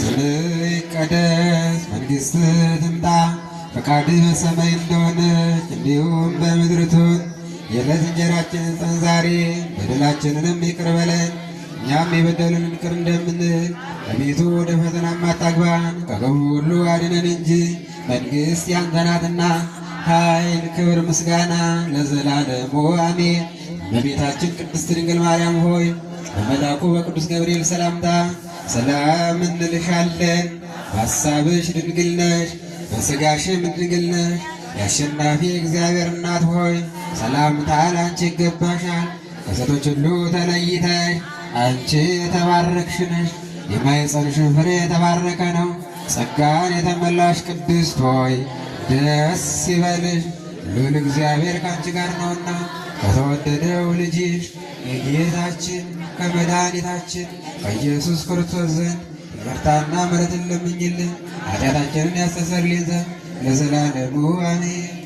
ስምህ ይቀደስ፣ መንግሥትህ ትምጣ፣ ፈቃድህ በሰማይ እንደሆነች እንዲሁም በምድር ትሁን። የዕለት እንጀራችንን ስጠን ዛሬ፣ በደላችንንም ይቅር በለን እኛም የበደሉንን ይቅር እንደምንል። አቤቱ ወደ ፈተና አታግባን፣ ከክፉ ሁሉ አድነን እንጂ መንግሥት ያንተ ናትና ኃይል፣ ክብር፣ ምስጋና ለዘላለሙ አሜን። እመቤታችን ቅድስት ድንግል ማርያም ሆይ በመልአኩ በቅዱስ ገብርኤል ሰላምታ ሰላም እንልሻለን። በሀሳብሽ ድንግል ነሽ፣ በሥጋሽም ድንግል ነሽ። የአሸናፊ እግዚአብሔር እናት ሆይ ሰላምታ ላንቺ ይገባሻል። ከሴቶች ሁሉ ተለይተሽ አንቺ የተባረክሽ ነሽ። የማኅፀንሽን ፍሬ የተባረከ ነው። ጸጋን የተመላሽ ቅድስት ሆይ ደስ ይበልሽ፣ ልዑል እግዚአብሔር ከአንቺ ጋር ነውና ከተወደደው ልጅሽ የጌታችን ከመድኃኒታችን ከኢየሱስ ክርስቶስ ዘንድ ይቅርታና ምሕረትን ለምኝልን ኃጢአታችንን ያስተሰርይልን ዘንድ ለዘላለሙ አሜን።